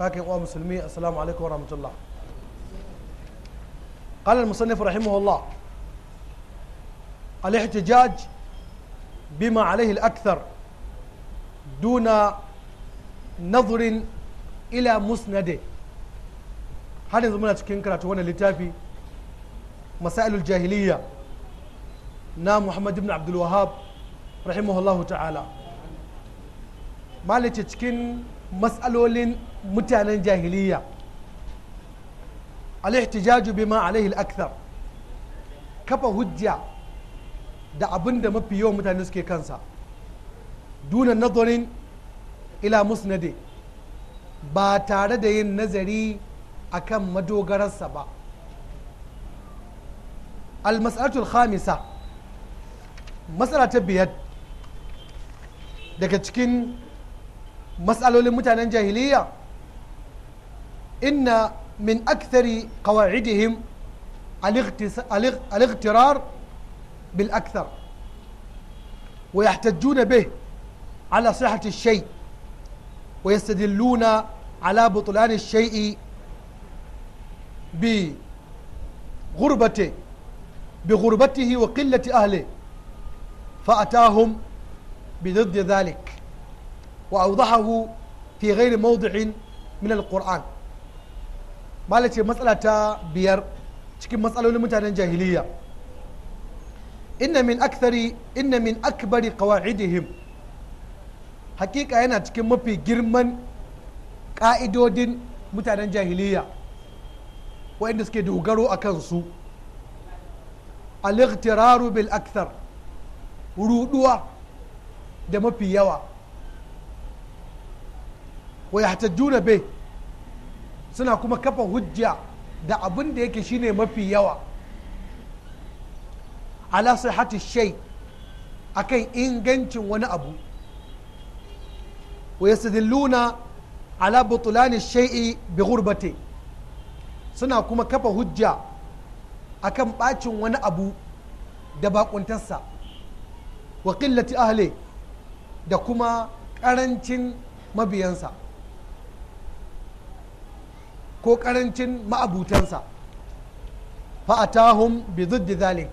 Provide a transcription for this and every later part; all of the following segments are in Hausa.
باقي قوى مسلمي السلام عليكم ورحمة الله قال المصنف رحمه الله الاحتجاج بما عليه الأكثر دون نظر إلى مسنده هذا زمنا تكين كراتو وانا لتافي مسائل الجاهلية نا محمد بن عبد الوهاب رحمه الله تعالى ما لتكين matsalolin mutanen jahiliya al-ihtijaju bima alaihi akthar kafa hujja da abin da mafi yawan mutane suke kansa duna nazarin ila musnade ba tare da yin nazari akan madogararsa ba al khamisa matsala ta biyar daga cikin مسألولين متانين جاهلية إن من أكثر قواعدهم الاغترار بالأكثر ويحتجون به على صحة الشيء ويستدلون على بطلان الشيء بغربته بغربته وقلة أهله فأتاهم بضد ذلك وأوضحه في غير موضع من القرآن ما مسألة بير cikin matsalolin mutanen jahiliya inna min akthari inna min akbari qawaidihim hakika yana cikin mafi girman ka'idodin mutanen jahiliya waɗanda suke dogaro a kansu al bil akthar ruduwa da mafi yawa wa yahtajuna bai suna kuma kafa hujja da abun da yake shine mafi yawa ala sihhati shay akan ingancin wani abu wa yastadilluna ala butulani shay'i bi ghurbati suna kuma kafa hujja akan bacin wani abu da bakuntarsa wa qillati ahli da kuma ƙarancin mabiyansa ko karancin ma'abutansa fa'atahum bi zuddi zalik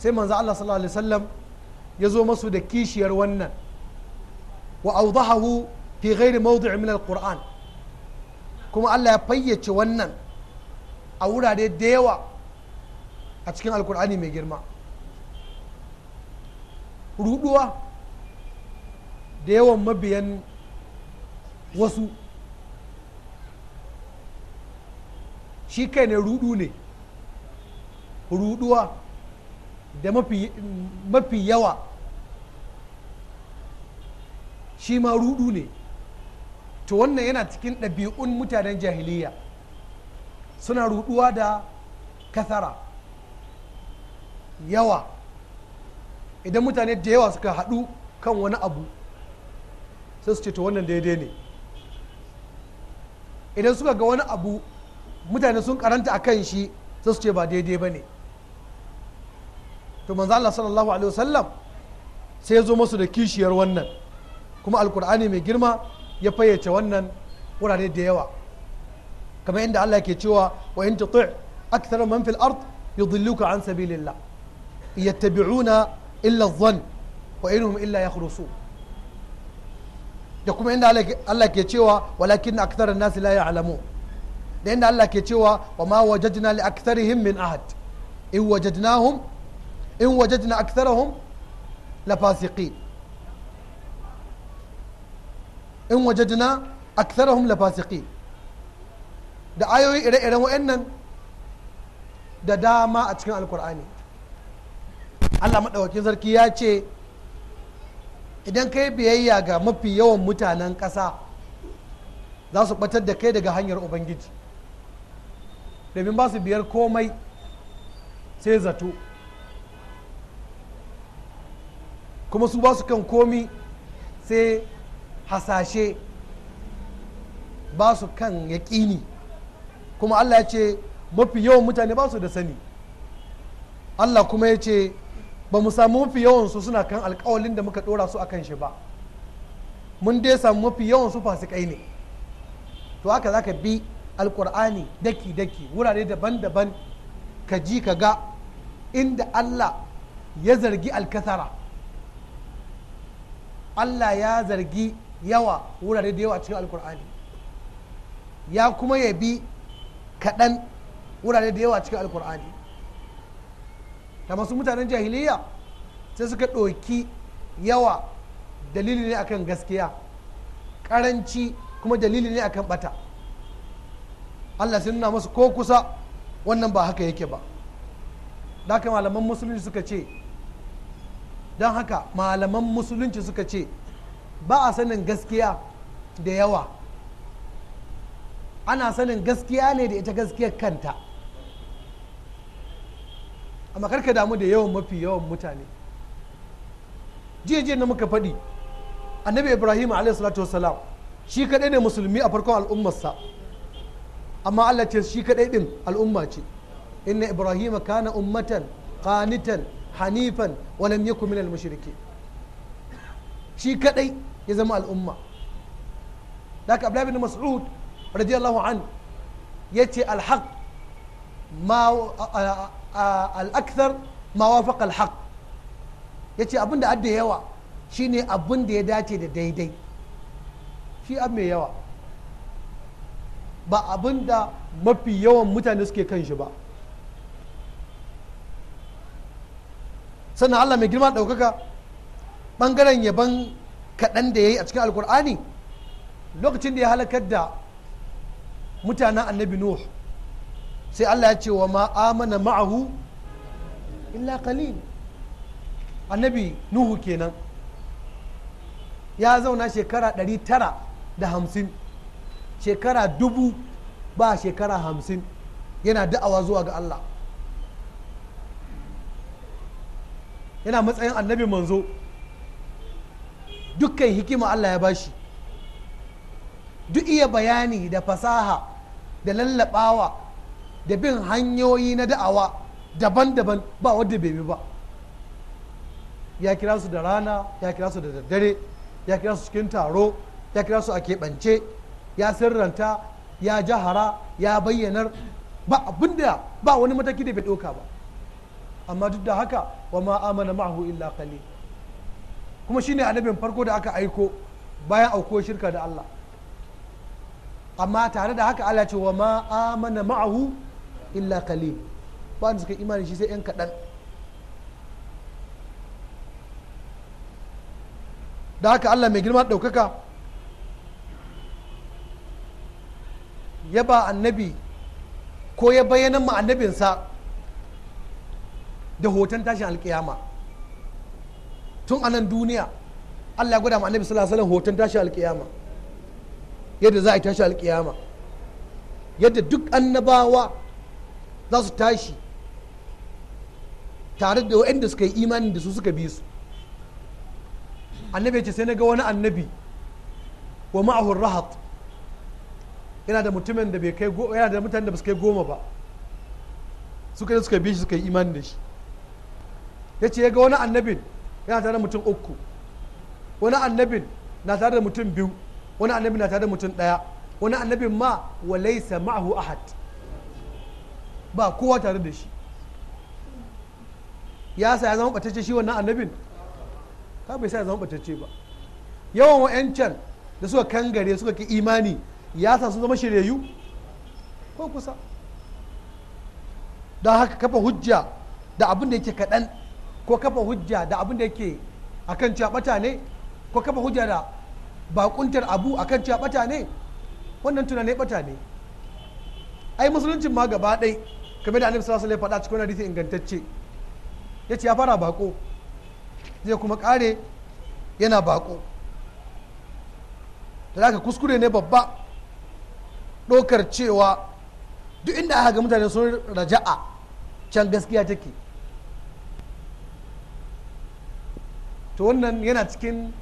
sai manzo Allah sallallahu alaihi wasallam ya zo masu da kishiyar wannan wa awdahahu fi ghairi mawdi'i min alquran kuma Allah ya fayyace wannan a wurare da yawa a cikin alkur'ani mai girma ruduwa da yawan mabiyan wasu shi kai ne rudu ne ruduwa da mafi yawa shi ma rudu ne to wannan yana cikin ɗabi'un mutanen jahiliya suna ruduwa da kasara yawa idan mutane da yawa suka haɗu kan wani abu sai su ce to wannan daidai ne idan suka ga wani abu mutane sun karanta akan shi sai su ce ba daidai ba ne to manzo Allah sallallahu alaihi wasallam sai ya zo musu da kishiyar wannan kuma alkur'ani mai girma ya fayyace wannan wurare da yawa kamar inda Allah ke cewa wa in tuti akthara man fil ard yudilluka an sabilillah yattabi'una illa dhann wa inhum illa yakhrusun da kuma inda Allah ke cewa walakin akthara an-nas la ya'lamun da inda Allah ke cewa wa ma wajadna li aktharihim min ahad in wajadnahum in wajadna aktharahum la fasiqin in wajadna aktharahum la fasiqin da ayoyi ire-iren wa'annan da dama a cikin alkur'ani Allah maɗaukakin sarki ya ce idan kai biyayya ga mafi yawan mutanen ƙasa za su ɓatar da kai daga hanyar ubangiji domin ba su biyar komai sai zato kuma su ba su kan komi sai hasashe ba su kan yaƙini kuma allah ya ce mafi yawan mutane ba su da sani allah kuma ya ce ba mu samu mafi yawansu suna kan alkawalin da muka ɗora su a kan shi ba mun dai samu mafi yawansu fasikai ne to haka za ka bi alkur'ani daki-daki wurare daban-daban ka ji ka ga inda allah ya zargi alkasara allah ya zargi yawa wurare da yawa cikin alkur'ani ya kuma yabi kaɗan wurare da yawa cikin alkur'ani ta masu mutanen jahiliya sai suka ɗauki yawa dalili ne akan gaskiya ƙaranci kuma dalili ne akan ɓata Allah sai nuna musu ko kusa wannan ba haka yake ba da haka malaman musulunci suka ce don haka malaman musulunci suka ce ba a sanin gaskiya da yawa ana sanin gaskiya ne da ita gaskiyar kanta amma karka damu da yawan mafi yawan mutane jiye na muka faɗi annabi ibrahim a.s. shi kaɗai ne musulmi a farkon al'ummarsa amma Allah ce shi kadai din al'umma ce inna ibrahima kana ummatan qanitan hanifan wa lam yakun minal mushrikeen shi kadai ya zama al'umma daga abdullahi bin mas'ud radiyallahu an yace al-haq ma al-akthar ma wafaqa al-haq yace abinda adda yawa shine abinda da ya dace da daidai shi abu mai yawa ba abin da mafi yawan mutane suke kan shi ba sannan allah mai girma ɗaukaka ɓangaren yaban kaɗan da ya yi a cikin alkur'ani lokacin da ya halakar da mutanen annabi nuh sai allah ya ce wa ma amana ma'ahu illa qalil annabi nuhu kenan ya zauna shekara 950 shekara dubu ba shekara hamsin yana da'awa zuwa ga Allah yana matsayin annabi manzo dukkan hikima Allah ya bashi duk iya bayani da fasaha da lallabawa da bin hanyoyi na da'awa daban-daban ba wadda bai bi ba ya kira su da rana ya kira su da daddare ya kira su cikin taro ya kira su a keɓance ya sirranta ya jahara ya bayyanar ba abin da ba wani mataki da bai ɗauka ba amma duk da haka wa ma amana ma'ahu illa qalil kuma shine annabin farko da aka aiko bayan auko shirka da Allah amma tare da haka Allah ce wa ma amana ma'ahu illa qalil ba suka imani shi sai yan kaɗan da haka Allah mai girma ɗaukaka ya ba annabi ko ya bayyana ma annabinsa da hoton tashin alkiyama tun anan duniya allah ya gwada ma annabi sallallahu alaihi hoton tashin alkiyama yadda za a yi tashin alkiyama yadda duk annabawa za su tashi tare da waɗanda suka yi imanin da su suka bi su annabi ce sai na ga wani annabi wa ma'ahur rahat yana da mutumin da bai kai yana da mutane da kai goma ba suka yi suka bi shi suka yi imani da shi ya ce ya ga wani annabin yana tare da mutum uku wani annabin na tare da mutum biyu wani annabin na tare da mutum ɗaya wani annabin ma wa laisa ma'ahu ahad ba kowa tare da shi ya sa ya zama batacce shi wannan annabin ka bai sa ya zama batacce ba yawan wa'yancan da suka kangare suka ki imani ya sa sun zama shiryayyu ko kusa don haka kafa hujja da abin da yake kaɗan ko kafa hujja da abin da yake akan cabata ne ko kafa hujja da bakuntar abu akan cabata ne wannan tunanai bata ne ai musuluncin ma gaba ɗai kame da annabi sarasa alaihi faɗa cikin hadisi ingantacce ce ya fara bako zai kuma kare yana bako da kuskure ne babba ɗokar cewa duk inda aka ga mutane sun raja'a can gaskiya take to wannan yana cikin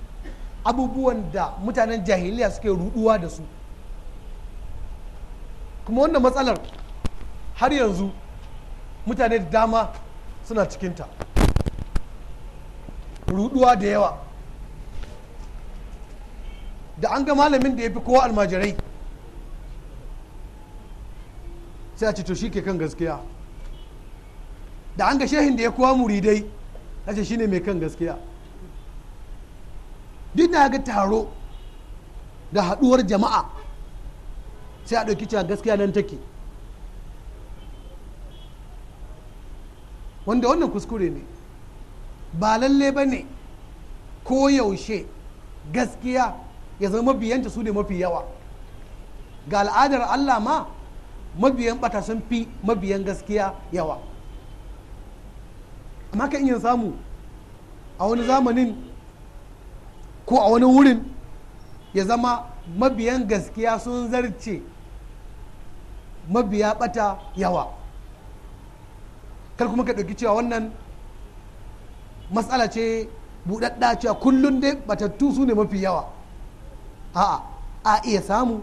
abubuwan da mutanen jahiliya suke ruduwa da su kuma wannan matsalar har yanzu mutane da dama suna cikin ta ruduwa da yawa da an ga malamin da ya fi kowa almajirai sai a ce to shi ke kan gaskiya da an ga shehin da ya kowa muridai a ce shine mai kan gaskiya duk da ga taro da haduwar jama'a sai a ɗauki cewa gaskiya nan take wanda wannan kuskure ne ba lalle ba ne koyaushe gaskiya ya zama biyanta su ne mafi yawa ga al'adar allah ma mabiyan bata sun fi mabiyan gaskiya yawa amma kan iya samu a wani zamanin ko a wani wurin ya zama mabiyan gaskiya sun zarce mabiya bata yawa kar kuma ka ɗauki cewa wannan matsala ce buɗaɗɗa cewa kullum dai batattu su ne mafi yawa a'a a iya samu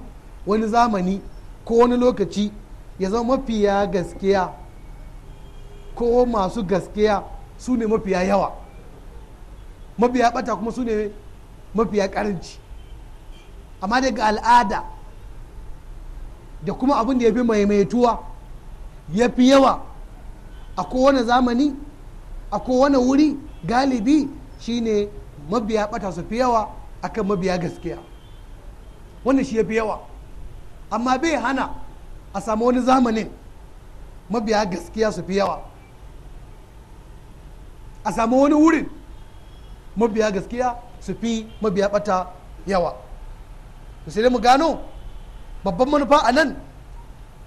wani zamani ko wani lokaci ya zama mafiya gaskiya ko masu gaskiya su ne mafiya yawa mafiya bata kuma su ne mafiya karanci amma daga al'ada da kuma abin da ya fi maimaituwa ya fi yawa a kowane zamani a kowane wuri galibi shine mabiya bata su fi yawa akan mabiya gaskiya wannan shi ya fi yawa amma bai hana a samu wani zamanin mabiya gaskiya su fi yawa a samu wani wurin mabiya gaskiya su fi mabiya bata yawa sai mu gano babban manufa a nan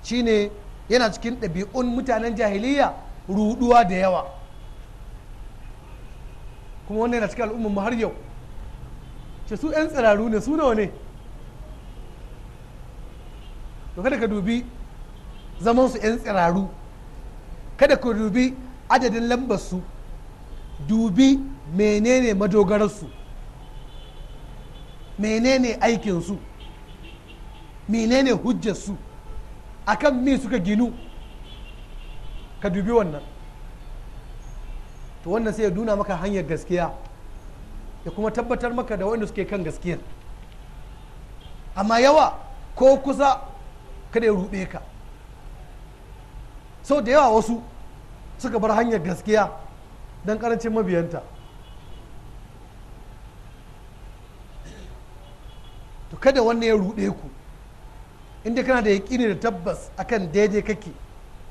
shine yana cikin ɗabi'un mutanen jahiliya ruduwa da yawa kuma wannan yana cikin al'ummar mu har yau ce su 'yan tsirarru ne su nawa ne to kada ka dubi zaman su 'yan tsiraru kada ku dubi adadin lambarsu dubi menene madogararsu menene aikinsu menene hujjarsu a kan mi suka ginu ka dubi wannan to wannan sai ya nuna maka hanyar gaskiya ya kuma tabbatar maka da wanda suke kan gaskiyar amma yawa ko kusa kada ya rube ka sau da yawa wasu suka bar hanyar gaskiya don karancin mabiyanta to kada wannan ya ruɗe ku inda kana da yaƙini da tabbas akan daidai kake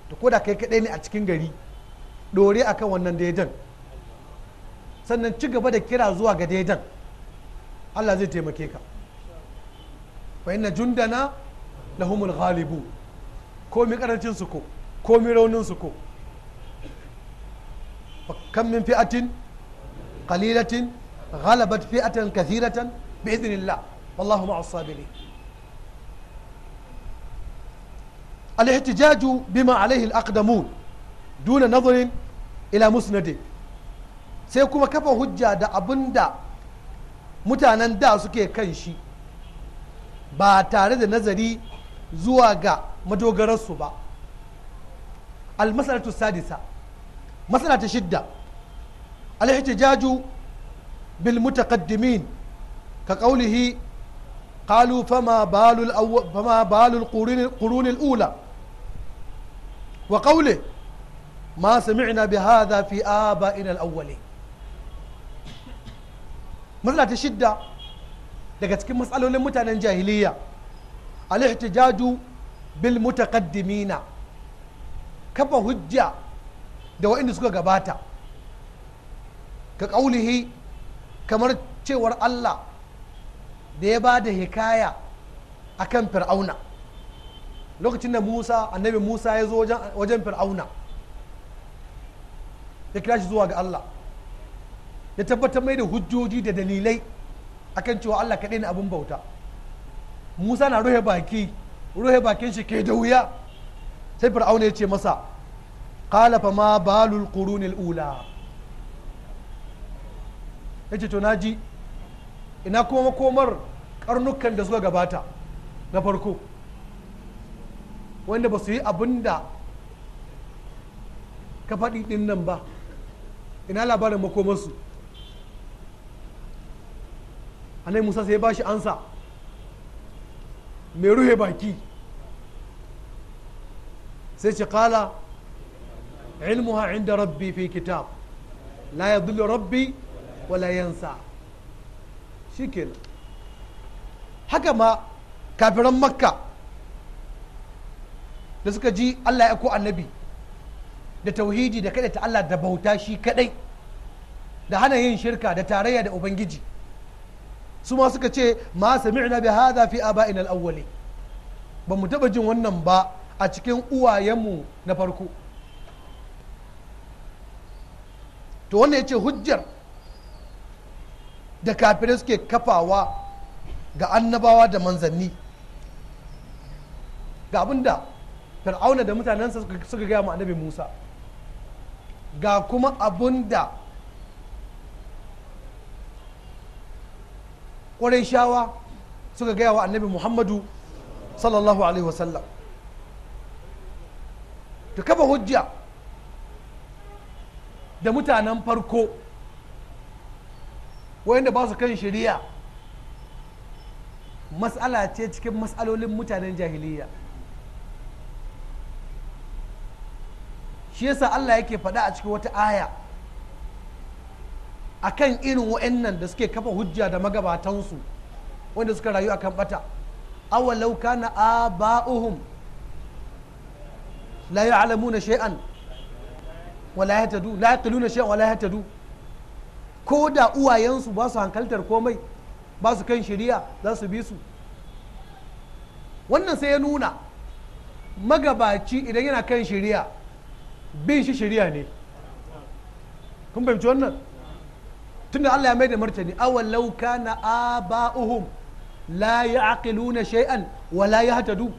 to ko da kai kaɗai ne a cikin gari dore akan wannan daidan sannan ci gaba da kira zuwa ga daidan allah zai taimake ka fa inna jundana lahumul ghalibu ko mai karancin su ko komi raunin su ko kan min fi'atin qalilatin ghalabat fi'atan kathiratan bi idnillah wallahu ma'as sabirin الاحتجاج بما عليه الأقدمون duna نظر ila مسند sai kuma kafa hujja da abin da mutanen da suke kan shi ba tare da nazari zuwa ga madogararsu ba المسألة السادسة مسألة شدة الاحتجاج بالمتقدمين كقوله قالوا فما بال فما بال القرون القرون الأولى وقوله ما سمعنا بهذا في آبائنا الأولين مسألة شدة لقد كم مسألة mutanen الجاهلية الاحتجاج بالمتقدمين kafa hujja da waɗanda suka gabata ka ƙaulihi kamar cewar Allah da ya ba da hikaya a kan fir'auna lokacin da musa annabi musa ya zo wajen fir'auna ya kira shi zuwa ga Allah ya tabbatar mai da hujjoji da dalilai akan cewa Allah kaɗai ne abin bauta musa na ruhe baki ruhe bakin shi ke da wuya sai fir'auna ya ce masa qala fa ma balul ula yace to naji ina kuma makomar karnukan da suka gabata na farko wanda ba su yi abin da ka faɗi ɗin nan ba ina labarin makomarsu anai musa sai ba shi ansa mai ruhe baki sai ce kala ilmuha inda rabbi fi kitab la ya rabbi wala yansa shikenan haka ma kafiran makka da suka ji allah ya ko annabi da tauhidi da kaɗa ta allah da bauta shi kaɗai da hana yin shirka da tarayya da ubangiji su ma suka ce ma sami'na bi hadha fi aba'ina al-awwali ba mu taba jin wannan ba a cikin uwayenmu na farko to wannan ya ce hujjar da kafirai suke kafawa ga annabawa da manzanni ga abinda fir'auna da mutanensa suka gaya mu annabi musa ga kuma abinda ƙwarai shawa suka gaya wa annabi muhammadu sallallahu alaihi wasallam ta kafa hujja da mutanen farko wayanda ba su kan shari'a matsala ce cikin matsalolin mutanen jahiliya shi yasa Allah yake faɗa a cikin wata aya akan irin wa'annan da suke kafa hujja da magabatansu wanda suka rayu akan bata awalau kana aba'uhum la ya'lamuna shay'an wala yahtadu la yaqiluna shay'an wala yahtadu ko da uwayensu ba hankaltar komai ba su kan shari'a za su bi su wannan sai ya nuna magabaci idan yana kan shari'a bin shi shari'a ne kun fahimci wannan tunda Allah ya mai da martani awallau kana aba'uhum la ya'qiluna shay'an wa la yahtadu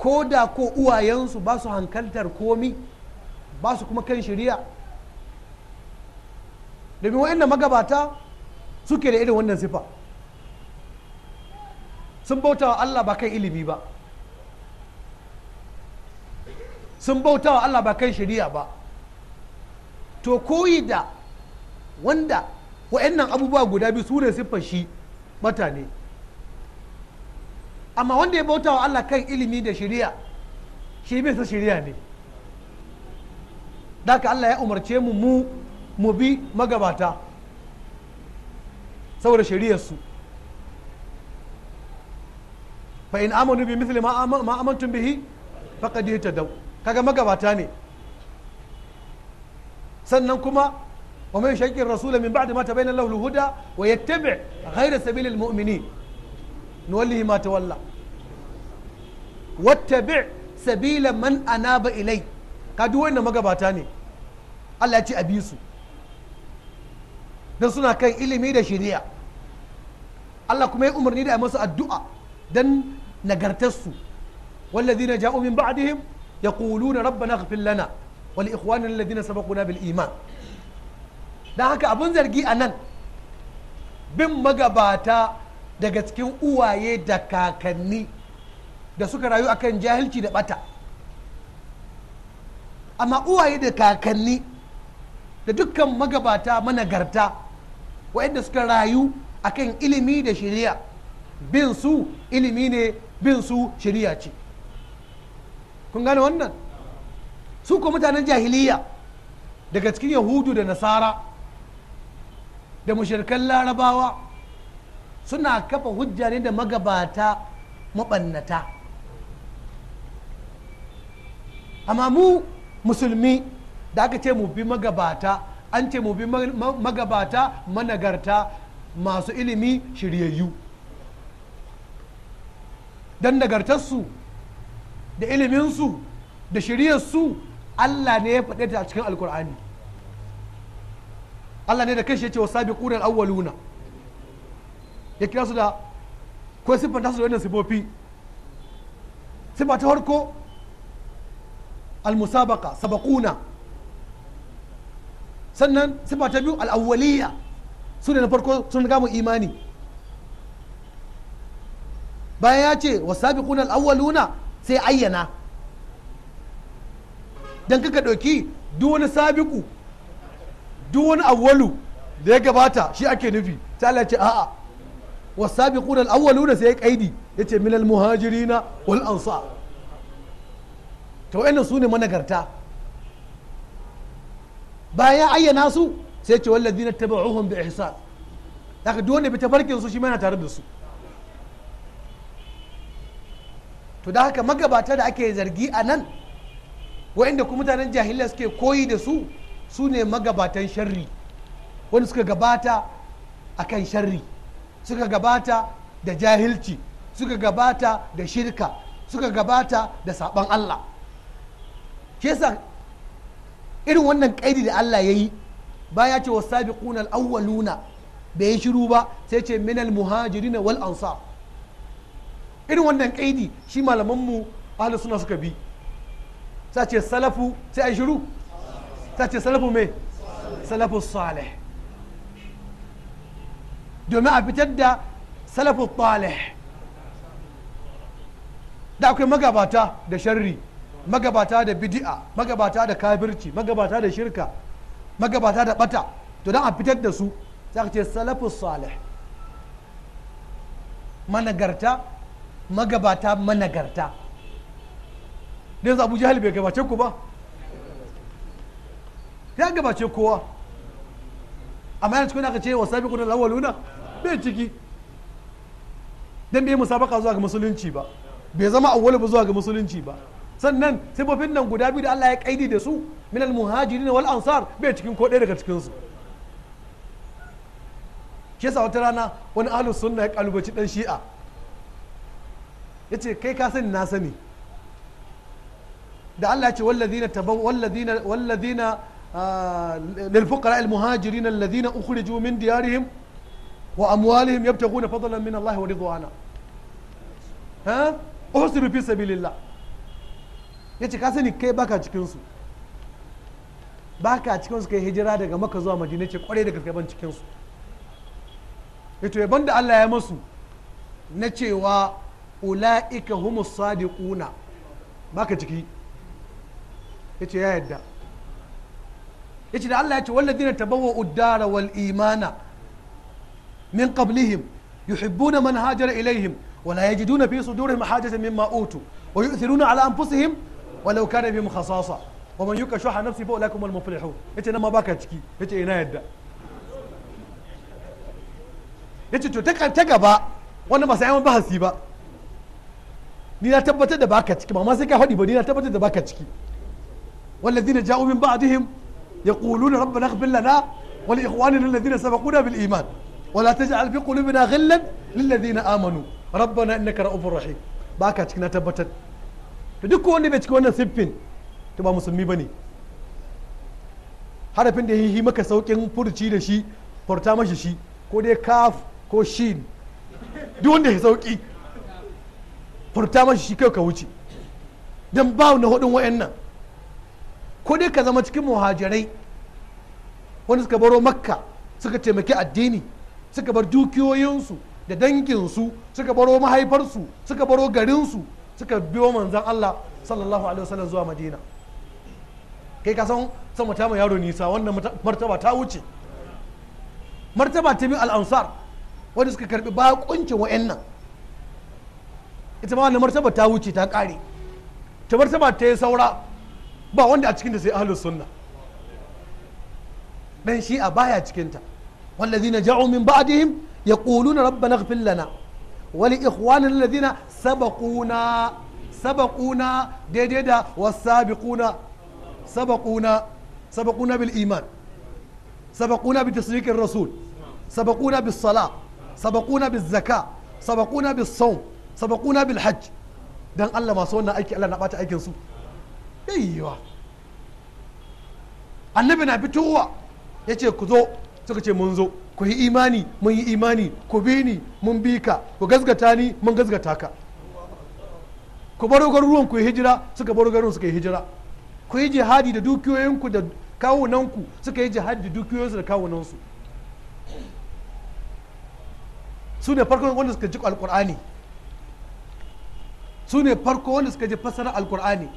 ko da ko uwayensu ba su hankaltar komi ba su kuma kan shari'a domin wa'in magabata suke da irin wannan sifa sun bauta wa Allah ba kan ilimi ba sun bauta wa Allah ba kan shari'a ba to koyi da wanda wa'in abubuwa guda biyu su ne siffar shi mutane amma wanda ya bauta wa Allah kan ilimi da shari'a shi bai sa shari'a ne daka Allah ya umarce mu mu mu bi magabata saboda shari'ar su fa in amanu bi mithli ma amantum bihi faqad yahtadaw kaga magabata ne sannan kuma wa ومن يشاكك الرسول من بعد ما تبين له الهدى ويتبع غير سبيل المؤمنين نوله ما تولى wattabi sabila man anaba ilai ka duk wannan magabata ne Allah ya ce a bi su don suna kan ilimi da shari'a Allah kuma ya umarni da a masu addu'a don nagartarsu والذين جاءوا من بعدهم يقولون ربنا اغفر لنا ولإخواننا الذين bil iman da haka abin zargi a nan bin magabata daga cikin uwaye da kakanni da suka rayu akan jahilci da bata amma uwaye da kakanni da dukkan magabata managarta waɗanda suka rayu akan ilimi da shari'a bin su ilimi ne bin su shari'a ce kun gane wannan su ko mutanen jahiliya daga cikin yahudu da nasara da mushirkan larabawa suna kafa hujja ne da magabata maɓannata amma mu musulmi da aka ce mu bi magabata an ce mu bi magabata managarta masu ilimi shiryayyu don nagartarsu da iliminsu da shiryarsu Allah ne ya faɗe ta a cikin alkur'ani Allah ne da kai shi ya ce wa sabi ƙunar awwaluna ya kira su da kwai siffanta su da wannan sifofi siffa ta farko al-musabaqa sannan sifa ta biyu al'awwaliya su ne na farko sun gama imani bayan ya ce wasabiquna al-awwaluna sai ayyana don kaka ɗauki duk wani sabiku wani awwalu da ya gabata shi ake nufi ta Allah ce a'a wasabiquna al al'awwaluna sai ya kaidi yace minal muhajirina wal ansar to wa'annan su ne managarta bayan ayyana su sai ce wallazi zina taba uhun bi ihsan daga duk wanda bi tafarkin su shi mana tare da su to da haka magabata da ake zargi a nan wa'anda kuma mutanen jahiliya suke koyi da su su ne magabatan sharri wanda suka gabata a kan sharri suka gabata da jahilci suka gabata da shirka suka gabata da sabon allah shi irin wannan kaidi da Allah ya yi ba ya ce wasabiqunal awwaluna bai shiru ba sai ce minal muhajirin wal ansa irin wannan kaidi shi malaman mu suna suka bi sai ce salafu sai shiru sa ce salafu mai salafu salih domin a fitar da salafu talih da akwai magabata da sharri magabata da bidi'a magabata da kafirci magabata da shirka magabata da bata to don a fitar da su za ka ce salafus salih managarta magabata managarta don abu jahal bai gabace ku ba ya gabace kowa amma yana cikin aka ce wa sabi kunan lawaluna bai ciki don bai musabaka zuwa ga musulunci ba bai zama awwalu zuwa ga musulunci ba sannan sifofin nan guda biyu da Allah ya kaidi da su min al-muhajirin wal ansar bai cikin ko daga cikin su shi wata rana wani ahlus sunna ya kalubaci dan shi'a yace kai ka sani na sani da Allah ya ce walladina tabaw walladina walladina ah, lil fuqara al muhajirin alladina ukhriju min diyarihim wa amwalihim yabtaghuna fadlan min Allah wa ridwana ha uhsiru fi sabilillah ya ce ka sani kai baka cikinsu baka cikinsu kai hijira daga maka zuwa madina ce kwarai da gaske ban cikinsu ya ce da allah ya masu na cewa ula'ika humus sadiquna baka ciki ya ce ya yadda ya ce da allah ya ce walladina tabawa uddara wal imana min qablihim yuhibbuna man hajara ilaihim ولا يجدون في صدورهم حاجة مما أوتوا ويؤثرون على أنفسهم walau kana bi khasasa wa man yuka shuha nafsi fa ulaikum al muflihun yace nan ma baka ciki yace ina yadda yace to ta ta gaba wannan ba sai an bahasi ba ni na tabbatar da baka ciki ba ma sai faɗi ni na tabbatar da baka ciki والذين جاءوا من بعدهم يقولون ربنا اغفر لنا ولإخواننا الذين سبقونا بالإيمان ولا تجعل في قلوبنا غلا للذين آمنوا ربنا إنك رؤوف رحيم باكا تكنا تبتت to duk wanda bai cika wannan siffin to ba musulmi bane harafin da ya yi maka saukin furci da shi furta mashi shi ko dai kaf ko shin duk wanda ya sauki furta mashi shi kai ka wuce dan ba na hudun wayannan ko dai ka zama cikin muhajirai wanda suka baro makka suka taimaki addini suka bar dukiyoyinsu da danginsu suka baro mahaifarsu suka baro garinsu suka biyo manzan Allah sallallahu alaihi wasallam zuwa madina kai ka san sama ta yaro nisa wannan martaba ta wuce martaba ta bi al'ansar wanda suka karbi bakuncin wa'annan ita ma wannan martaba ta wuce ta kare ta martaba ta yi saura ba wanda a cikinta sai ahlus sunna dan shi'a baya cikinta wallazina ja'u min ba'dihim yaquluna rabbana ighfir lana wa li ikhwanina alladhina Sabakuna sabakuna daidai da wasabiquna sabaquna sabakuna bil iman sabakuna bi tasdiqir rasul sabakuna bis sala sabaquna biz zaka sabakuna bis sawm sabaquna bil hajj dan Allah masu wannan aiki Allah na bata aikin su yayyawa annabi na fitowa yace ku zo suka ce mun zo ku yi imani mun yi imani ku bi ni mun bi ka ku gazgata ni mun gazgata ka ku baro garuruwan ku yi hijira suka baro garuruwan suka yi hijira ku yi jihadi da dukiyoyinku da kawunanku suka yi jihadi da dukiyoyinsu da kawunansu su ne farko wanda suka ji alkur'ani su ne farko wanda suka ji fasarar alkur'ani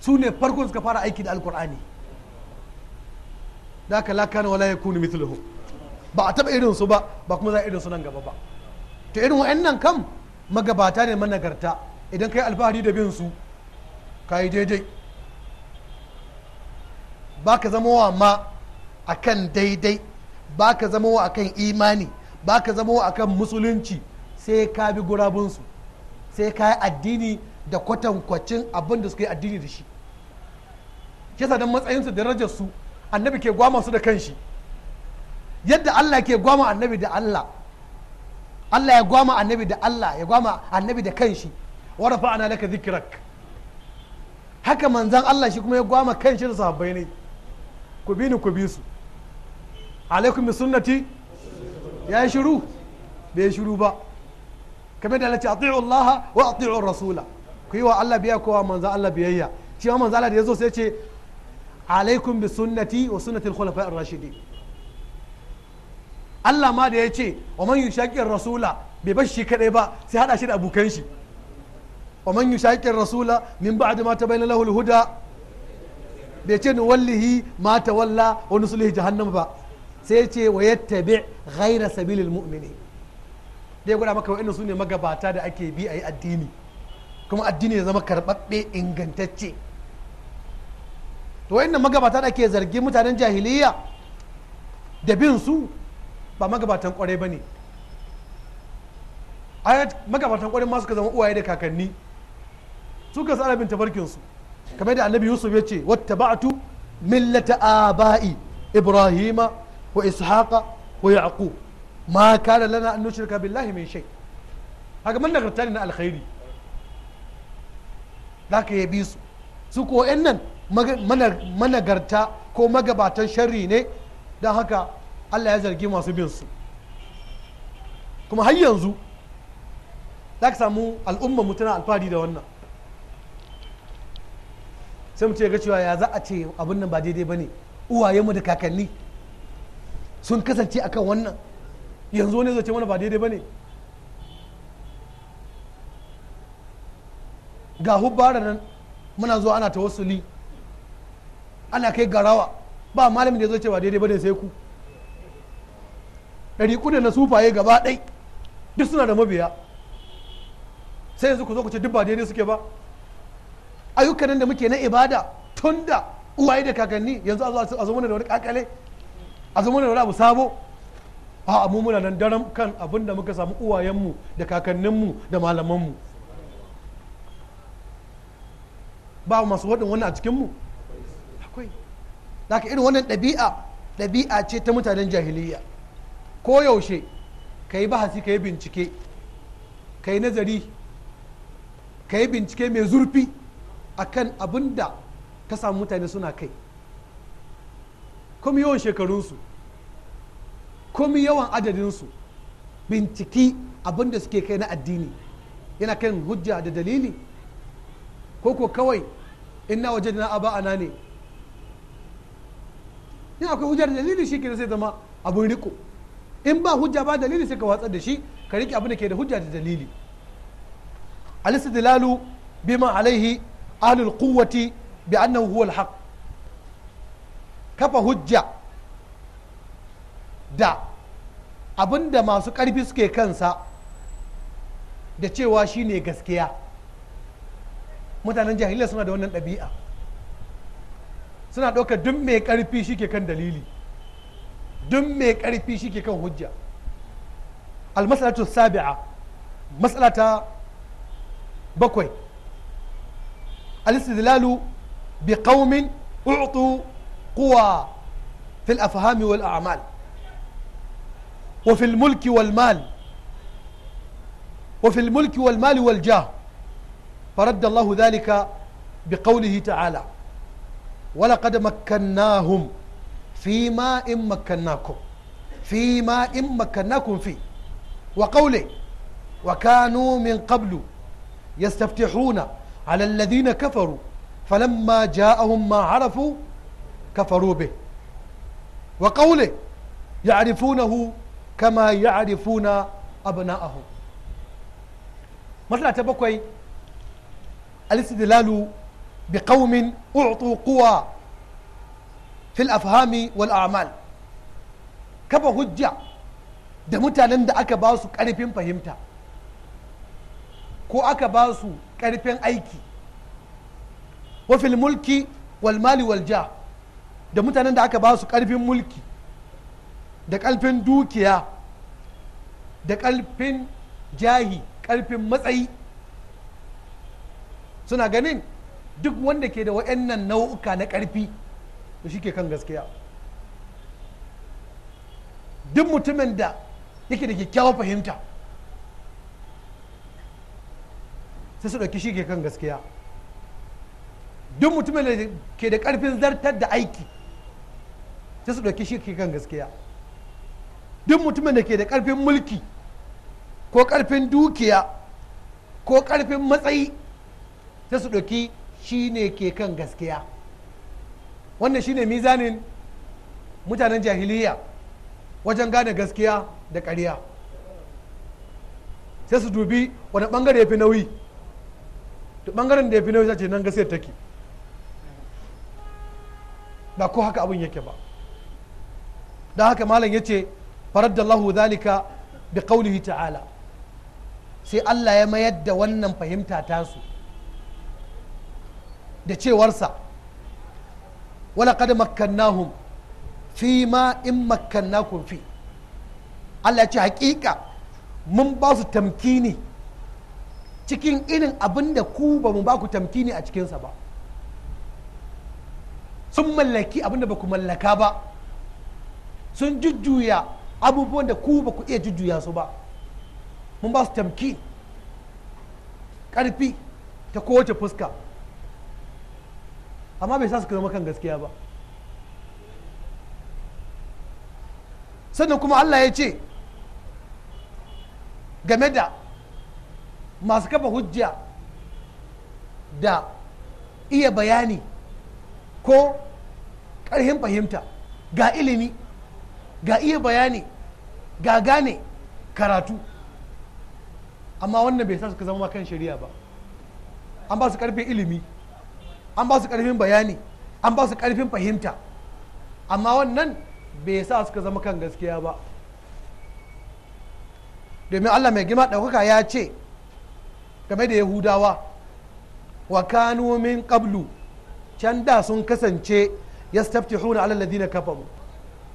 su ne farko suka fara aiki da alkur'ani da aka lakana wala ya kuni mitulhu ba a taɓa irinsu ba ba kuma za a irinsu nan gaba ba to irin wa'annan kam magabata ne managarta idan kai alfahari da bin su ka yi daidai ba ka zama wa ma a kan daidai ba ka zama wa a kan imani ba ka zama wa a kan musulunci sai ka bi gurabinsu sai ka yi addini da kwatankwacin abin da suka yi addini da shi kisa don matsayinsu da su annabi ke gwama su da kanshi yadda allah ke gwama annabi da allah allah ya gwama annabi da allah ya gwama annabi da kanshi wa rafa'ana laka dhikrak haka manzan Allah shi kuma ya gwama kan shi da sahabbai ne ku bi ni ku bi su alaikum bi sunnati ya shiru bai shiru ba kamar da lati ati'u Allah wa ati'u rasula ku wa Allah biya ko wa manzan Allah biyayya shi ma manzan Allah da yazo sai ce alaikum bi wa Allah ma da ya ce wa man yushaqqi rasula bai shi kadai ba sai hada shi da abokan shi wa man yushaqiqir rasula min ba'di ma tabayyana lahu al-huda bai ce ni wallihi ma tawalla wa nuslihi jahannam ba sai ce wa gwada maka wa'annan sune magabata da ake bi ayi addini kuma addini ya zama karɓaɓɓe ingantacce to wa'annan magabata da ake zargi mutanen jahiliya da bin su ba magabatan kwarai ba ne magabatan kwarai ma suka zama uwaye da kakanni su kansu ana bin kamar da annabi yusuf ya ce wattaba'tu millata aba'i ibrahima wa ishaqa wa yaqub ma kana lana an nushrika billahi min shay haka mun nagarta ne na alkhairi zaka yabi su su ko nan managarta ko magabatan sharri ne don haka Allah ya zargi masu bin su kuma har yanzu za ka samu al'umma mu tana alfahari da wannan sai mu ce ga cewa ya za a ce abin nan ba daidai ba ne uwaye mu da kakanni sun kasance akan wannan yanzu wani zai ce mana ba daidai ba ne ga hubbara nan muna zuwa ana ta wasuli ana kai garawa ba malamin da zai ce ba daidai ba ne sai ku ɗari kudu na sufaye gaba ɗai duk suna da mabiya sai yanzu ku zo ku ce duk ba daidai suke ba ayyukan da muke na ibada tun da uwaye da kakanni yanzu a zo mana da wani kakale a zo mana da wani abu sabo a mu muna nan daren kan abin da muka samu uwayenmu da kakanninmu da malamanmu ba masu waɗin wannan a cikinmu akwai irin wannan ɗabi'a ɗabi'a ce ta mutanen jahiliya ko yaushe ka yi bahasi ka yi bincike ka yi nazari ka yi bincike mai zurfi akan abin da ka samu mutane suna kai komi yawan shekarunsu komi yawan adadinsu binciki abin da suke kai na addini yana kan hujja da dalili ko ko kawai ina waje na aba ana ne in akwai hujja da dalili shi kira sai zama abin riko in ba hujja ba dalili sai ka watsar da shi ka riƙe abin da ke da hujja da dalili dalalu bima alaihi ahlul quwwati bi annahu kafa hujja da abinda masu ƙarfi suke kansa da cewa shine gaskiya mutanen jahiliya suna da wannan ɗabi'a suna ɗauka duk mai ƙarfi shike kan dalili duk mai ƙarfi shike kan hujja al-mas'alatu sabi'a mas'alata bakwai الاستدلال بقوم أعطوا قوى في الأفهام والأعمال وفي الملك والمال وفي الملك والمال والجاه فرد الله ذلك بقوله تعالى ولقد مكناهم فيما إن مكناكم فيما إن مكناكم فيه وقوله وكانوا من قبل يستفتحون على الذين كفروا فلما جاءهم ما عرفوا كفروا به وقوله يعرفونه كما يعرفون أبناءهم مثلا تبقي الاستدلال بقوم أعطوا قوى في الأفهام والأعمال كما هجة da mutanen da aka ba su ƙarfin fahimta ƙarfin aiki wafil mulki wal mali wal ja da mutanen da aka ba su ƙarfin mulki da ƙarfin dukiya da ƙarfin jahi karfin matsayi suna ganin duk wanda ke da waɗannan nau'uka na karfi to shi ke kan gaskiya duk mutumin da yake da kyakkyawar fahimta sai su ɗauki shi ke kan gaskiya duk mutumin da ke da ƙarfin zartar da aiki sai su ɗauki shi ke kan gaskiya duk mutumin da ke da ƙarfin mulki ko ƙarfin dukiya ko ƙarfin matsayi sai su ɗauki shi ne ke kan gaskiya wannan shi ne mizanin mutanen jahiliya wajen gane gaskiya da ƙarya sai su dubi wani ɓangare ya fi nauyi to bangaren da ya fi nauyi ce nan gaskiyar take ba ko haka abin yake ba don haka malam ya ce lahu zalika bi qawlihi ta'ala sai Allah ya mayar da wannan fahimta tasu da cewarsa walaƙad makkannahum fi ma in makkannakum fi Allah ya ce mun ba su tamkini cikin irin abin da ku ba mu ba ku tamkini a cikinsa ba sun mallaki abin da ba ku mallaka ba sun jujjuya abubuwan da ku ba ku iya jujjuya su ba mun ba su tamki ƙarfi ta kowace fuska amma bai sa su zama kan gaskiya ba sannan kuma allah ya ce game da masu kafa hujja da iya bayani ko ƙarhin fahimta ga ilimi ga iya bayani ga gane karatu amma wannan bai sa suka zama kan shari'a ba an ba su ƙarfin ilimi an ba su ƙarfin bayani an ba su ƙarfin fahimta amma wannan bai sa suka zama kan gaskiya ba domin allah mai girma ɗaukaka ya ce game da yahudawa wa kanu min qablu can da sun kasance ya yastaftihuna ala alladhina kafaru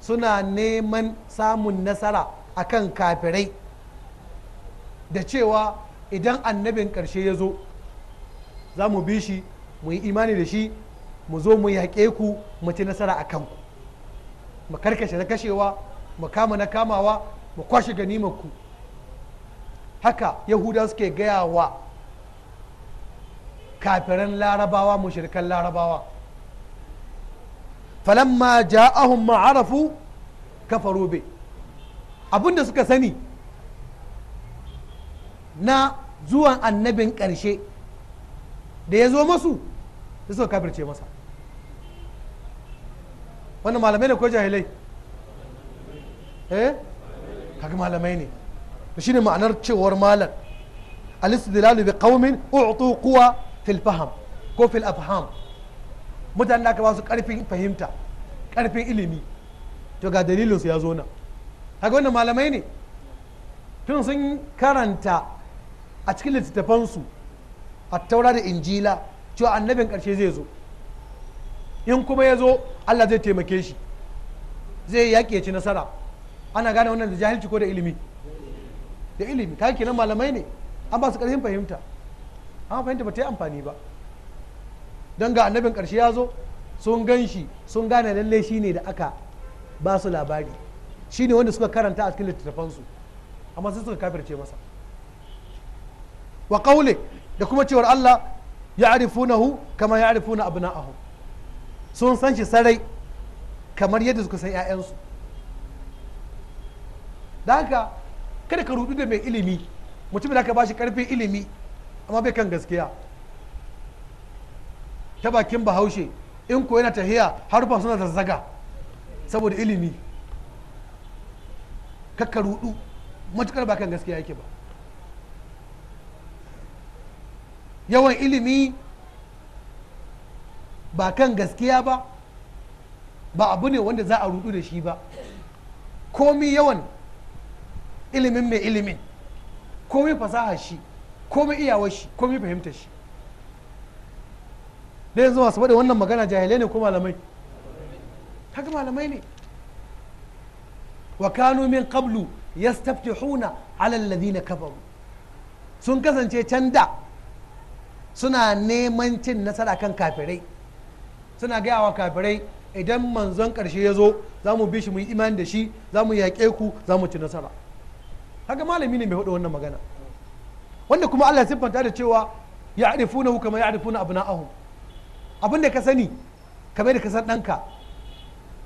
suna neman samun nasara akan kafirai da cewa idan annabin ƙarshe ya zo za mu bi shi mu yi imani da shi mu zo mu yaƙe ku mu ci nasara a kanku mu karkashe na kashewa mu kama na kamawa mu kwashe ganimanku haka yahuda suke gaya wa kafiran larabawa mushrikan larabawa falamma ja'ahum ma'arafu kafaru Abun da suka sani na zuwan annabin ƙarshe da ya zo masu da suka kafirce masa Wani malamai ne ko jahilai eh kaga malamai ne shine ma'anar cewar malam al-istidlalu bi qaumin u'tu quwa filfaham ko fil afham mutane da aka ba su karfin fahimta karfin ilimi to ga dalilin su ya zo nan kaga wannan malamai ne tun sun karanta a cikin littattafansu a taura da injila cewa annabin karshe zai zo in kuma ya zo allah zai taimake shi zai yaƙi ya ci nasara ana gane wannan da jahilci ko da ilimi da ilimi kake nan malamai ne an ba su ƙarfin fahimta an fahimta ba ta yi amfani ba don ga annabin karshe ya zo sun gan shi sun gane lalle shi ne da aka ba su labari shi ne wanda suka karanta a cikin littattafansu amma sai suka kafirce masa wa ƙaule da kuma cewar Allah ya arifunahu kamar ya arifuna abna'ahu sun san shi sarai kamar yadda suka san 'ya'yansu da haka kada ka rudu da mai ilimi mutum da aka ba shi karfin ilimi amma bai kan gaskiya ta bakin bahaushe in ko yana tahiya harufan suna zazzaga saboda ilimi kakka rudu matukar ba kan gaskiya yake ba yawan ilimi ba kan gaskiya ba ba abu ne wanda za a rudu da shi ba komi yawan ilimin mai ilimin komi fasaha shi komai iyawar shi komai fahimtar shi da yanzu masu faɗi wannan magana jahilai ne ko malamai haka malamai ne wa kanu min qablu yastaftihuna ala alladhina kafaru sun kasance can da suna neman cin nasara kan kafirai suna gaya wa kafirai idan manzon karshe ya zo za mu bi shi mu yi imani da shi za mu yaƙe ku za mu ci nasara haka malami ne mai faɗi wannan magana wanda kuma Allah siffanta da cewa ya arifunahu kama ya arifuna abna'ahum abin da ka sani kamar da ka san ɗanka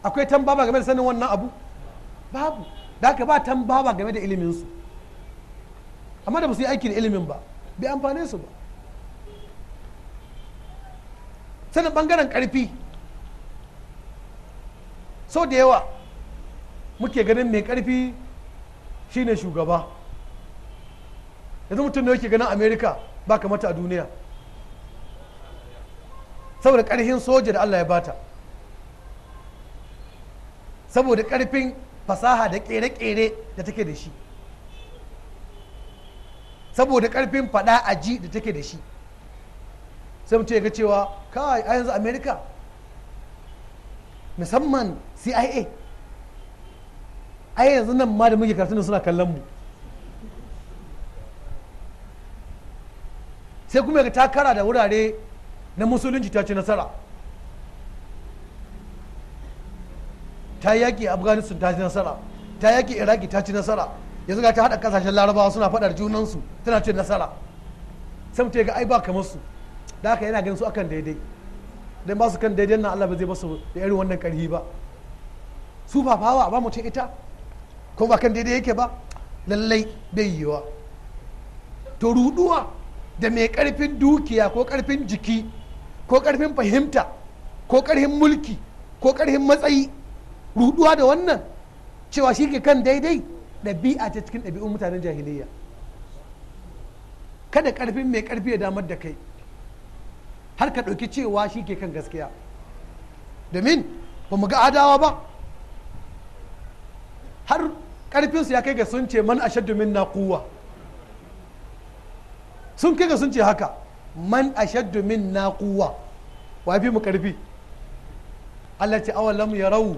akwai tambaba game da sanin wannan abu babu da haka ba tambaba game da ilimin su amma da ba su yi aiki da ilimin ba bai amfane su ba sanin bangaren karfi sau da yawa muke ganin mai karfi shine shugaba yanzu mutum da yake ganin america ba kamata a duniya saboda karfin soja da allah ya bata saboda karfin fasaha da kere-kere da take da shi saboda karfin fada aji da take da shi sai mutum ya ga cewa kawai a yanzu america musamman cia a yanzu nan ma da muke karatun suna kallon mu sai kuma ga ta kara da wurare na musulunci ta ci nasara ta yaƙi afghanistan ta ci nasara ta yaƙi iraki ta ci nasara yanzu ga ta haɗa kasashen larabawa suna faɗar junansu tana cin nasara sam ta ga ai ba kamar su da haka yana ganin su akan daidai dan ba su kan daidai nan Allah ba zai basu da irin wannan karhi ba su ba fawa ba mutum ita ko ba kan daidai yake ba lallai bai yiwa to ruduwa da mai karfin dukiya ko karfin jiki ko karfin fahimta ko karfin mulki ko karfin matsayi ruduwa da wannan cewa shi ke kan daidai ɗabi'a ta cikin ɗabi'un mutanen jahiliya kada karfin mai karfi ya damar da kai har ka ɗauki cewa shi ke kan gaskiya domin ba mu ga adawa ba har ƙarfinsu ya kai ga sun ce man ashaddu minna kuwa sun kai sun ce haka man ashaddu min na kuwa wa fi mu karfi Allah ce awa awalam yarau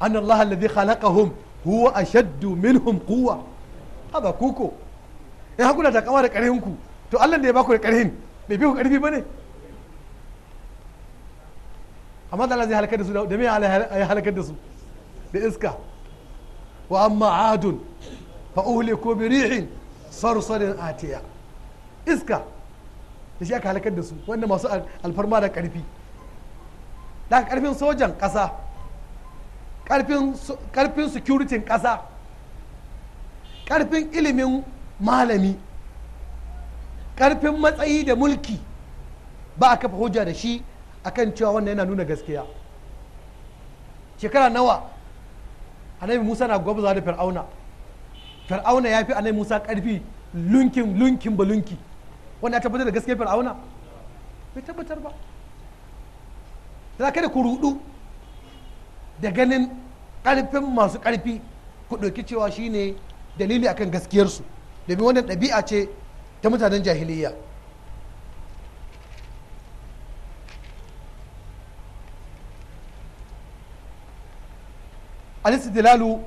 an Allah alladhi khalaqahum huwa ashaddu minhum quwwa haba kuko in eh, hakuna ta kama da karhin ku to Allah da ya baku da karhin bai bi ku karfi bane amma da Allah zai halakar da su da me ya halakar da su da iska wa amma adun fa uhliku bi rihin sarsarin atiya iska da shi aka halakar da su wanda masu alfarma da karfi da karfin sojan kasa karfin security kasa karfin ilimin malami karfin matsayi da mulki ba a kafa hujja da shi akan cewa wannan yana nuna gaskiya shekara nawa annabi musa na gwabza da fir'auna fir'auna ya fi annabi musa karfi lunkin lunkin ba lunki wanda ya tabbatar da gaskiyar fir'auna bai tabbatar ba za ka da ku rudu da ganin ƙarfin masu karfi ku ɗauki cewa shine dalili akan gaskiyarsu domin wannan ɗabi'a ce ta mutanen jahiliya الاستدلال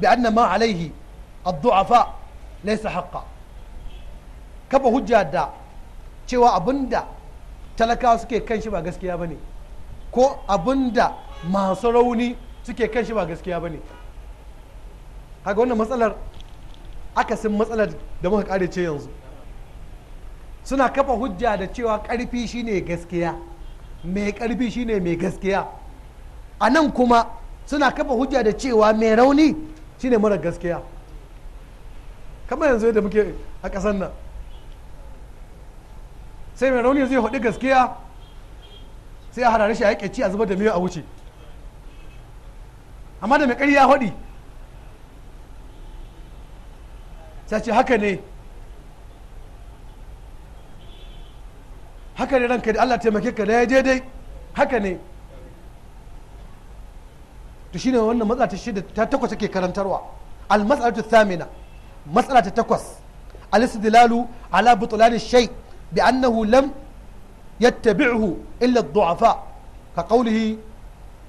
بأن ما عليه الضعفاء ليس حقا kafa hujja da cewa abinda talakawa suke kan shi ba gaskiya ba ne ko abinda masu rauni suke kan shi ba gaskiya ba ne haka wannan matsalar akasin matsalar da muka kare ce yanzu suna kafa hujja da cewa karfi shine gaskiya mai karfi shine mai gaskiya a nan kuma suna kafa hujja da cewa mai rauni shine mara gaskiya kamar yanzu yadda muke a ƙasar nan sai mai rauni zai faɗi gaskiya sai a harare shi a yake ci a zubar da miyo a wuce amma da mai ƙarya faɗi sai ce haka ne haka ne ranka da Allah taimake ka da ya je dai haka ne to shine wannan matsala ta shida ta takwas take karantarwa al mas'alatu thamina matsala ta takwas al istidlalu ala butlan shay' بأنه لم يتبعه إلا الضعفاء كقوله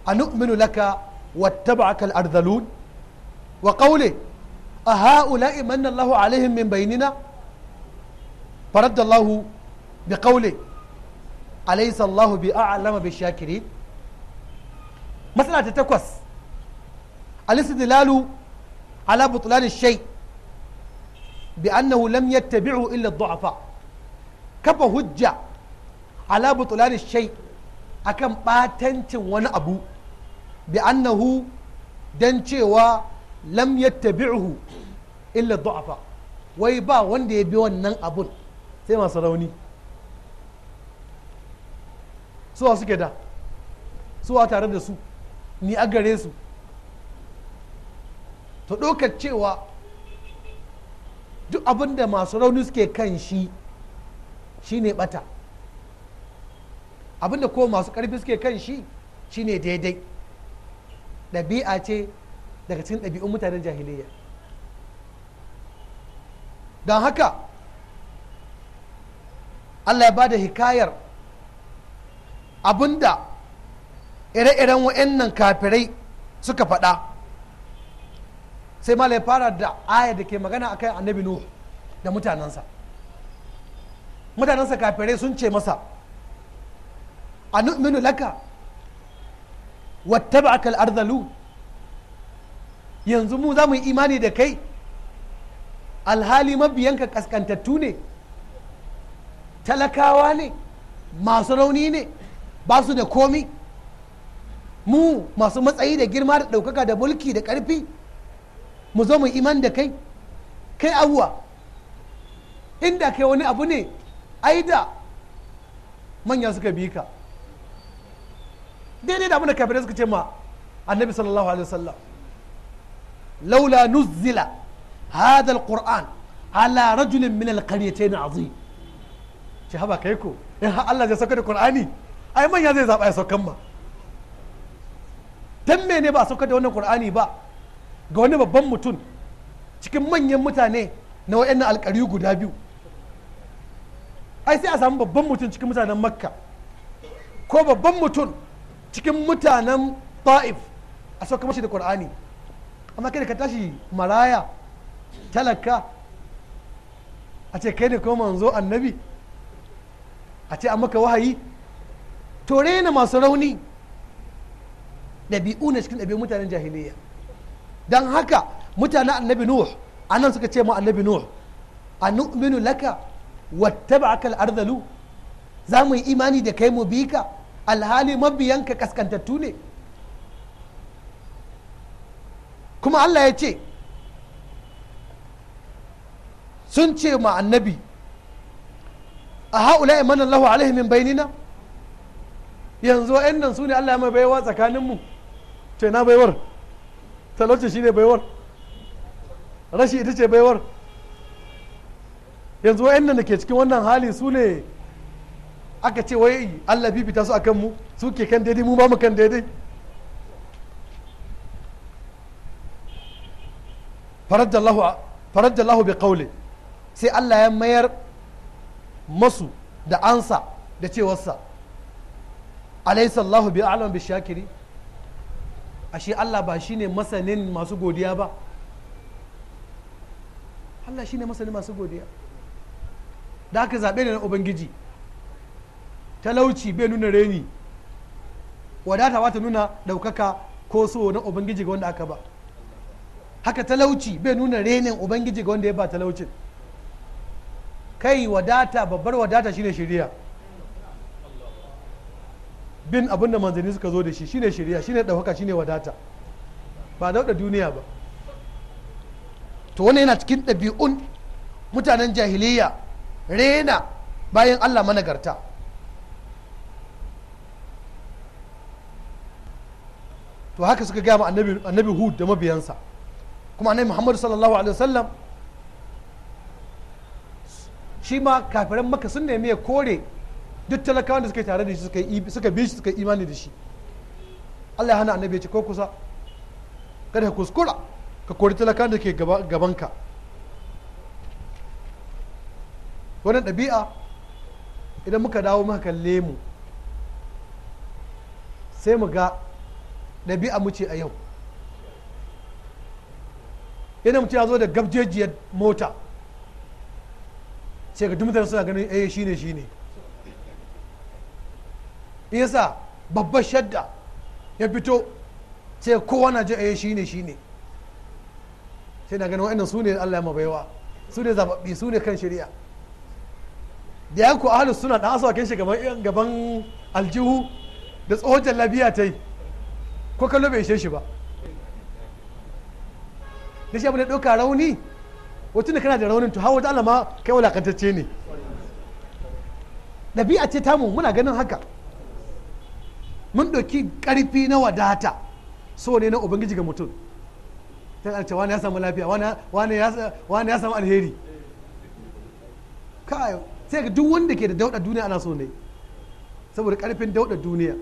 أنؤمن لك واتبعك الأرذلون وقوله أهؤلاء من الله عليهم من بيننا فرد الله بقوله أليس الله بأعلم بالشاكرين مثلا تتكوس الاستدلال على بطلان الشيء بأنه لم يتبعه إلا الضعفاء kafa hujja ala butulani shai akan batancin wani abu bi annahu dan cewa lam yattabi'uhu illa du'afa wai ba wanda ya bi wannan abun sai masu rauni suwa suke da suwa tare da su ni a gare su to ɗaukar cewa duk abinda masu rauni suke kan shi shine bata abinda ko masu ƙarfi suke kan shi shine daidai ɗabi'a ce daga cikin ɗabi'un mutanen jahiliya don haka allah ya ba da hikayar abinda ire-iren wa'annan kafirai suka faɗa sai ma ya fara da aya da ke magana akan annabi nuhu da mutanensa mutanensa kafirai sun ce masa a nu'minu laka wattaba'aka al arzalu. yanzu mu za mu yi imani da kai alhali mabiyanka kaskantattu ne talakawa ne masu rauni ne ba su da komi mu masu matsayi da girma da ɗaukaka da mulki da ƙarfi mu zo mu iman da kai kai abuwa inda kai wani abu ne ai da manya suka bi ka daidai da abin da kafirai suka ce ma annabi sallallahu alaihi wasallam laula nuzzila hadha alquran ala rajulin min alqaryatayn azim ce haba kai ko in har Allah zai sauka da qur'ani ai manya zai zaba ya saukan ma dan mene ba sauka da wannan qur'ani ba ga wani babban mutum cikin manyan mutane na wayannan alƙari guda biyu ai sai a samu babban mutum cikin mutanen makka ko babban mutum cikin mutanen ta'if a sauka mashi da Kur'ani amma kai da ka tashi maraya talaka a ce kai ne ko manzo annabi a ce an maka wahayi to rena masu rauni ɗabi'u ne cikin ɗabi'u mutanen jahiliya don haka mutanen annabi nuh anan suka ce ma annabi nuh a nu'minu laka wattaba'aka al arzalu za mu yi imani da kai mu bi ka alhali mabiyanka kaskantattu ne kuma Allah ya ce sun ce ma annabi a haula imanin Allahu alaihi min bainina yanzu wa'yan nan su ne Allah ya mai baiwa tsakaninmu ce baiwar talauci shi baiwar rashi ita ce baiwar yanzu wa'annan da ke cikin wannan hali su ne aka ce wai Allah fifita su akan mu su ke kan daidai mu ba mu kan daidai farajjallahu bi qawli sai Allah ya mayar masu da ansa da cewarsa alaysa Allahu bi a'lam bi shakiri ashe Allah ba shine masanin masu godiya ba Allah shine masanin masu godiya da aka zaɓe da na ubangiji talauci bai nuna reni wadata ba ta nuna ɗaukaka ko so na ubangiji ga wanda aka ba haka talauci bai nuna renin ubangiji ga wanda ya ba talaucin kai wadata babbar wadata shine shirya bin abin da manzanni suka zo da shi shine shirya shine ɗaukaka shine wadata ba dauɗa duniya ba to wannan yana cikin ɗabi'un mutanen jahiliya rena bayan Allah managarta to haka suka gaya ma annabi hud da mabiyansa kuma annabi muhammadu sallallahu alaihi wasallam shi ma kafiran maka sun nemi ya kore duk talakawan da suka yi tare da shi suka bi shi suka imani da shi Allah ya hana annabi ya ce ko kusa kada ka kuskura ka kori talakawan da ke gabanka wannan ɗabi'a idan muka dawo muka kalle mu sai mu ga ɗabi'a mu ce a yau idan mutum ya zo da gabjejiyar mota sai ga dumtar suna ganin eh shine shine yasa babbar shadda ya fito sai kowa na ji eh shine shine sai na ganin wa'annan su ne Allah ya mabaiwa su ne zababbi su ne kan shari'a da ya ku ahalus suna da asawa kai shi gaban aljihu da tsohon jallabiya ta yi ko kallo bai ishe shi ba da shi abu da ɗauka rauni wata da kana da raunin to hawa ta ma kai wulakantacce ne ɗabi'a ce tamu muna ganin haka mun ɗauki ƙarfi na wadata so ne na ubangiji ga mutum ta ɗarce wani ya samu lafiya wani ya samu alheri sai ga duk wanda ke da dauɗa duniya ana so ne saboda karfin dauɗa duniya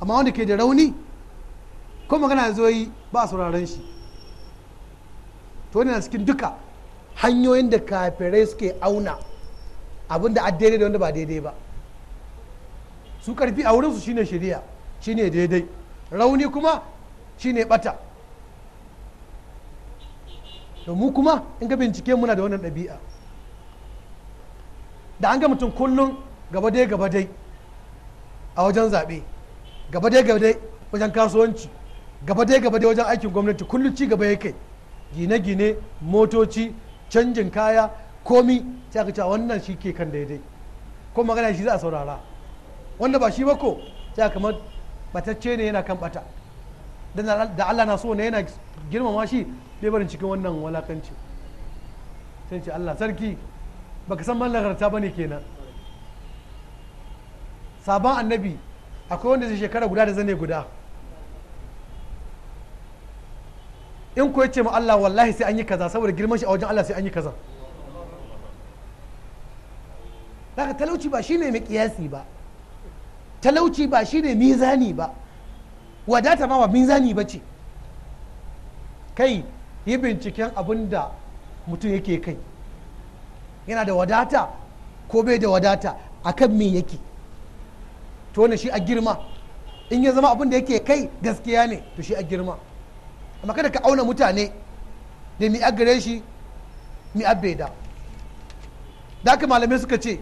amma wanda ke da rauni ko magana ya yi ba sauraron shi to wani na cikin duka hanyoyin da kafirai suke auna abinda da daidai da wanda ba daidai ba su karfi a wurinsu shine shari'a shine daidai rauni kuma shine bata to mu kuma in ka bincike muna da wannan ɗabi'a da an ga mutum kullum gaba dai gaba dai a wajen zaɓe gaba dai gaba dai wajen kasuwanci gaba dai gaba dai wajen aikin gwamnati kullum ci gaba yake gine-gine motoci canjin kaya komi sai aka wannan shi ke kan daidai ko magana shi za a saurara wanda ba shi ba ko sai aka kamar batacce ne yana kan bata da Allah na so ne yana girmama shi bai barin cikin wannan walakanci sai ce Allah sarki baka san rarta ba ne kenan sabon annabi akwai wanda zai shekara guda da zane guda in ko ce ma Allah wallahi sai an yi kaza saboda girman shi a wajen Allah sai an yi kaza daga talauci ba shine mai kiyasi ba talauci ba shine mizani ba wadata ma ba mizani ba ce kai yi binciken abin da mutum yake kai yana da wadata ko bai da wadata akan me yake to na shi a girma in ya zama abin da yake kai gaskiya ne to shi a girma amma kada ka auna mutane da mi gare shi mi da aka malamai suka ce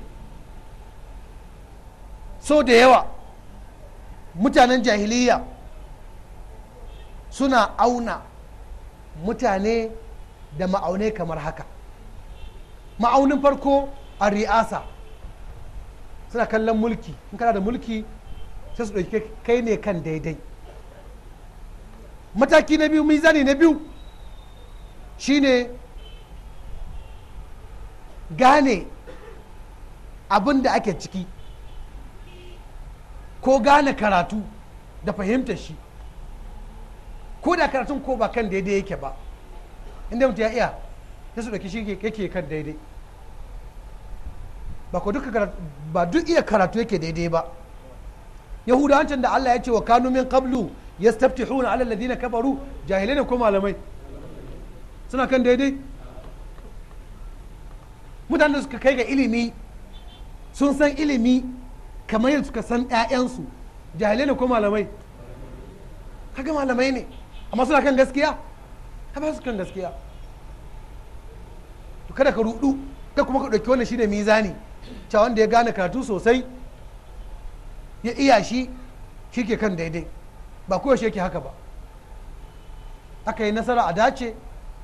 so da yawa mutanen jahiliya suna auna mutane da ma'aunai kamar haka ma'aunin farko a ri'asa suna kallon mulki in kana da mulki sai su ɗauki kai ne kan daidai mataki na biyu mizani na biyu shine gane abin da ake ciki ko gane karatu da fahimta shi ko da karatun ko ba kan daidai yake ba inda mutum ya iya sai su ɗauki shi yake kan daidai ba ku duka ba duk iya karatu yake daidai ba yahudawancin da Allah ya ce wa kanu min qablu yastaftihuna ala alladhina kafaru jahilai ne ko malamai suna kan daidai mutanen da suka kai ga ilimi sun san ilimi kamar yadda suka san ƴaƴansu jahilaina ko malamai kaga malamai ne amma suna kan gaskiya ba su kan gaskiya to kada ka rudu kai kuma ka ɗauki wannan shine mizani cewa wanda ya gane karatu sosai ya iya shi shi ke kan daidai ba shi yake haka ba aka yi nasara a dace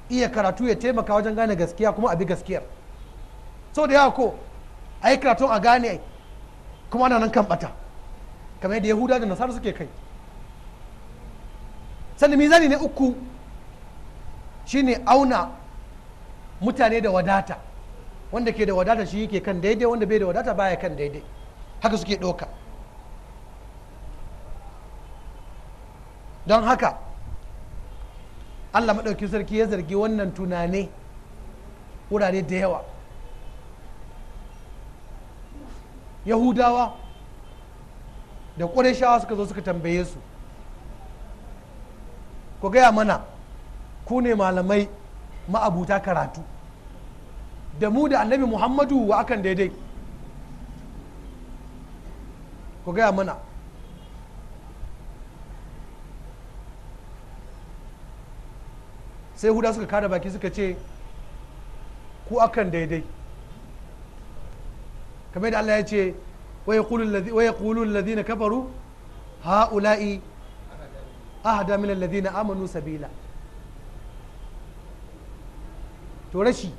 iya karatu ya taimaka wajen gane gaskiya kuma a bi gaskiyar so da yawa ko a yi karatun a gane kuma ana nan kan bata kamar yadda yahuda da nasara suke kai sannan mizani ne uku shine auna mutane da wadata wanda ke da wadata shi yake kan daidai wanda bai da wadata baya kan daidai haka suke ɗauka don haka allah maɗauki sarki ya zargi wannan tunane wurare da yawa yahudawa da shawa suka zo suka tambaye su ku gaya mana ku ne malamai ma'abuta karatu da mu da annabi muhammadu wa akan daidai ku gaya mana sai huda suka kada baki suka ce ku akan daidai kamar da Allah ya ce wa kulun alladhina kafaru haula'i ahda min alladhina amanu sabila to rashi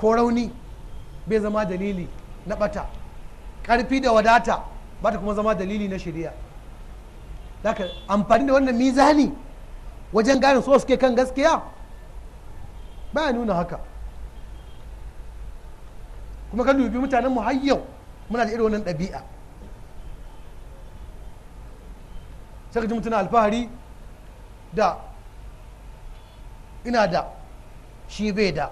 ko rauni bai zama dalili na bata karfi da wadata ba ta kuma zama dalili na shirya. daga amfani da wannan mizani wajen gane so suke kan gaskiya ba ya nuna haka kuma kan dubi mutanen mu yau muna da irin wannan ɗabi'a sai ji mutuna alfahari da ina da shi bai da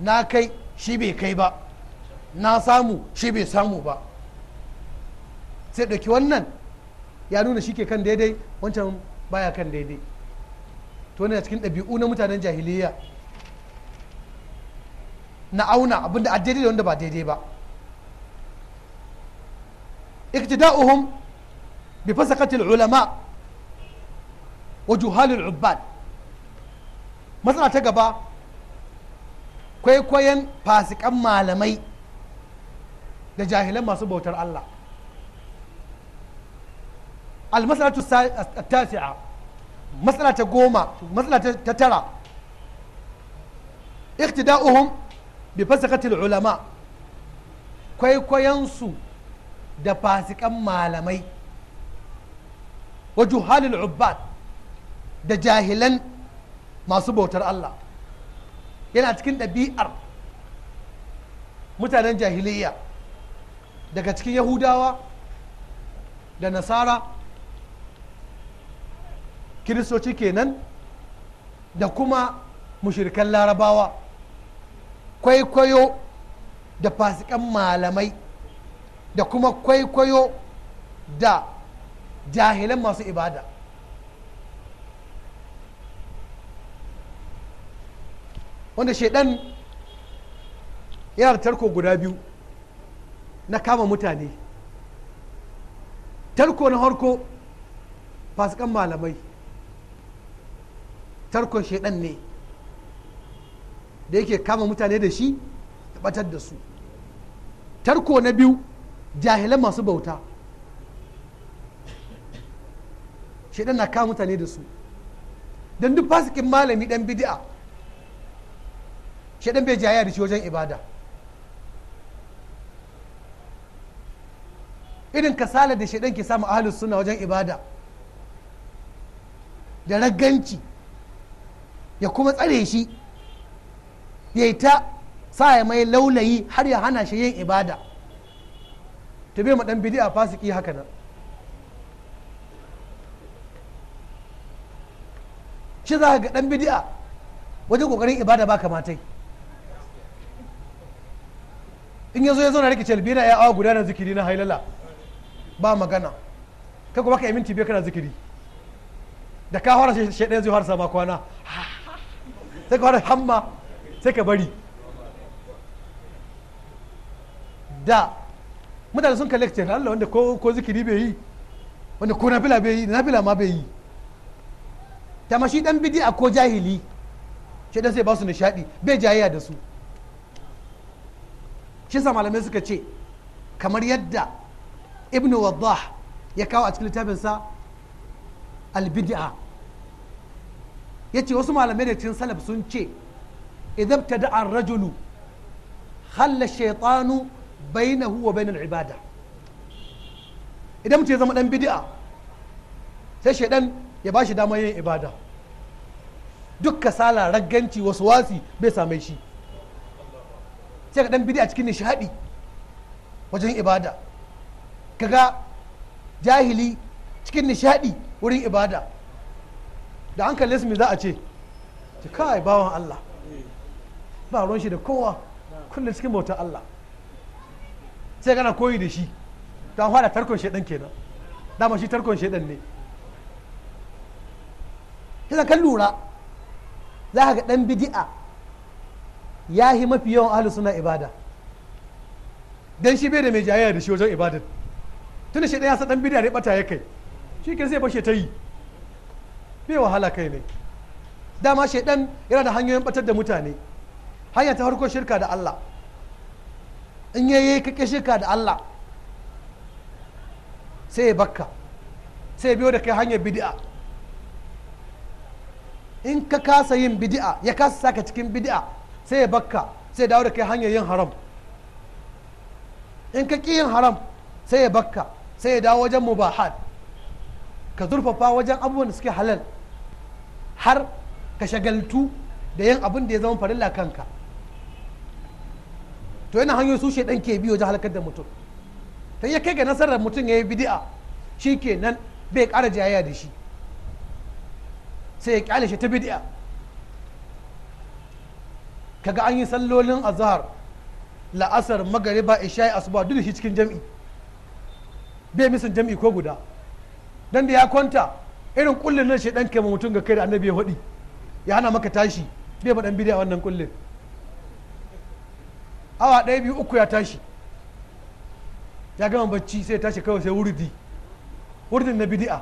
na kai shi bai kai ba na samu shi bai samu ba sai ɗauki wannan ya nuna shi ke kan daidai wancan baya kan daidai to ne a cikin ɗabi'u na mutanen jahiliya na auna abinda a daidai da wanda ba daidai ba iktida'uhum bi fasakatil ulama wa juhalil ubbad matsala ta gaba kwaikwayon fasikan malamai da jahilan masu bautar Allah almasalatu tasi'a matsala ta goma matsala ta tara iktida'uhum bi fasikatil ulama kwaikwayansu da fasikan malamai wa da jahilan masu bautar Allah yana cikin ɗabi'ar mutanen jahiliya daga cikin yahudawa da nasara kiristoci kenan da kuma mushirikan larabawa kwaikwayo da fasikan malamai da kuma kwaikwayo da jahilan masu ibada wanda shaidan yana da tarko guda biyu na kama mutane tarko na harko fasikan malamai tarkon shaidan ne da yake kama mutane da shi ya batar da su tarko na biyu jahilan masu bauta shaidan na kama mutane da su don duk fasikin malami dan bidi'a shaɗan bai jaya da shi wajen ibada irin kasala da shaɗan ke samu ahalus suna wajen ibada da ragganci ya kuma tsare shi ya yi ta sa ya mai laulayi har ya hana shi yin ibada ta bai maɗan bidi a fasiki haka nan shi za ga ɗan bidi'a wajen ƙoƙarin ibada ba kamatai in yazo ya zauna rike calbi na ya awa guda na zikiri na hailala ba magana kai kuma ka yi minti biyu kana zikiri da ka fara shi ɗaya zai harsa ba kwana sai ka fara hamma sai ka bari da mutane sun kalli ce Allah wanda ko zikiri bai yi wanda ko nafila bai yi nafila ma bai yi ta mashi dan bidi a ko jahili shi dan sai ba su nishadi bai jayayya da su shi sa malamai suka ce kamar yadda ibn waddah ya kawo a cikin littafinsa albid'a ya ce wasu malamai da cikin salaf sun ce idan ta da'ar rajulu halla shaitanu bainahu huwa bainal ibada idan mutum ya zama dan bid'a sai shaidan ya ba shi damar yin ibada duk kasala ragganci wasu wasi bai same shi sai ka dan bidi a cikin nishadi wajen ibada kaga jahili cikin nishadi wurin ibada da an kalle su me za a ce ce kai bawan Allah ba ruwan shi da kowa kullum cikin bautar Allah sai kana koyi da shi ta fara tarkon shedan kenan dama shi tarkon shedan ne kina kan lura za ka ga dan bidi'a ya yi mafi yawan ahlus suna ibada Don shi bai da mai jayayya da shi wajen ibadar tun shi ɗaya sadan ɗan bidiya ne bata ya kai shi ke zai bashe ta yi bai wahala kai ne dama shaidan yana da hanyoyin batar da mutane hanya ta harko shirka da Allah in ya yi kake shirka da Allah sai ya bakka sai ya biyo da kai hanyar bid'a in ka kasa yin bid'a ya kasa saka cikin bid'a sai ya bakka sai dawo da kai hanyar yin haram in ka ki yin haram sai ya bakka sai ya dawo wajen mubahat ka zurfafa wajen abubuwan da suke halal har ka shagaltu da yin abin da ya zama farilla kanka to yana hanyoyi su shaidan ke biyo wajen halakar da mutum ta ya kai ga nasarar mutum ya yi bidi'a shi ke nan bai kara jayaya da shi sai ya kyale shi ta bidi'a kaga an yi sallolin azhar la'asar magariba isha'i asuba duk da shi cikin jam'i bai misin jam'i ko guda dan da ya kwanta irin kullun nan shi dan kai mutum ga kai da annabi ya hudi ya hana maka tashi bai ba dan bidiya wannan kullun awa ɗaya biyu uku ya tashi ya gama bacci sai ya tashi kawai sai wurdi wurdin na bidi'a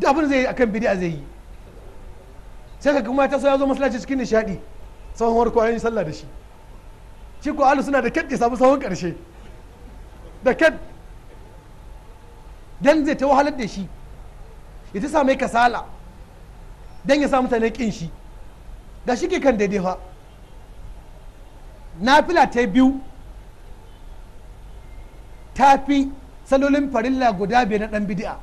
duk abin zai yi akan bidi'a zai yi sai ka kuma ta so ya zo masallaci cikin nishadi sahun farko an yi sallah da shi shi ko alu suna da ya samu sahun karshe da kat. dan zai ta wahalar da shi ya ta sa kasala dan ya sa mutane kin shi ga shi ke kan daidai fa nafila ta biyu ta fi salolin farilla guda biyu na dan bidi'a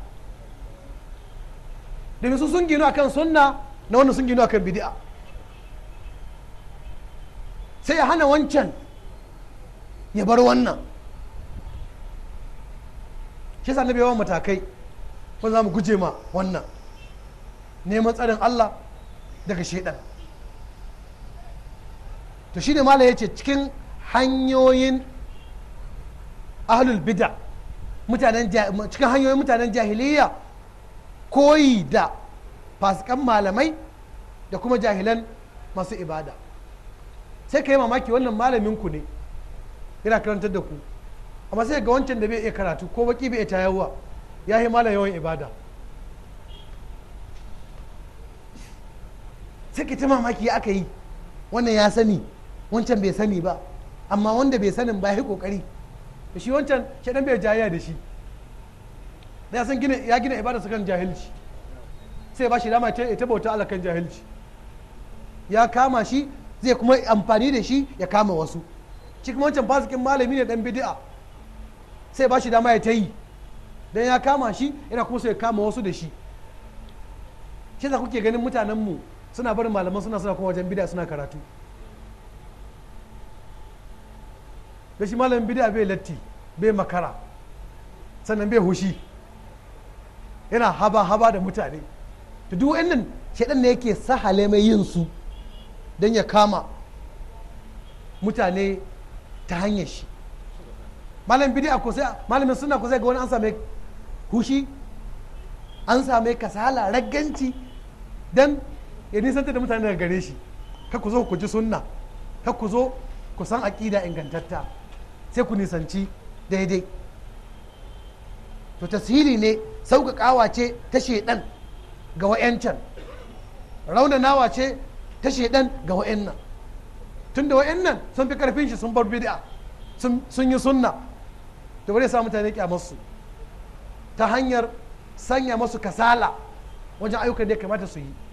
da su sun gino kan sunna na wannan sun gina kan bidi'a sai ya hana wancan ya bar wannan shi yasa annabi yawan matakai wanda za mu guje ma wannan neman tsarin Allah daga shaidan to shine mala ya ce cikin hanyoyin ahlul bid'a mutanen cikin hanyoyin mutanen jahiliya koyi da fasikan malamai da kuma jahilan masu ibada sai ka yi mamaki wannan malamin ku ne yana karantar da ku amma sai ga wancan da bai iya karatu ko baki bai ta yawa ya yi malam yawan ibada sai ka ta mamaki aka yi wannan ya sani wancan bai sani ba amma wanda bai sanin ba ya yi kokari da shi wancan shaɗan bai jayya da shi ya gina ibada su kan jahilci sai ba shi dama ita bauta ala kan jahilci ya kama shi zai kuma amfani da shi ya kama wasu cikin wancan fasikin malami ne dan bid'a sai ba shi dama ya tayi dan ya kama shi yana kuma sai ya kama wasu da shi shi za kuke ganin mutanen mu suna barin malaman suna suna kuma wajen bid'a suna karatu da shi malamin bid'a bai latti bai makara sannan bai hushi yana haba haba da mutane to duk wannan shaɗan ne yake sahale mai yin su don ya kama mutane ta hanyar shi malamin bidi a kusa malamin suna kusa ga wani an same hushi an same kasala ragganci don ya nisanta da mutane daga gare shi ka ku zo ku ji sunna ka ku zo ku san aƙida ingantatta sai ku nisanci daidai to tasiri ne sauƙaƙawa ce ta shaidan ga wa'yancan nawa ce ta shaidan ga wa'yannan tunda wa'yannan sun fi karfin shi sun bar bid'a sun yi sunna to bari sa mutane kyamarsu ta hanyar sanya masu kasala wajen ayyukan da ya kamata su yi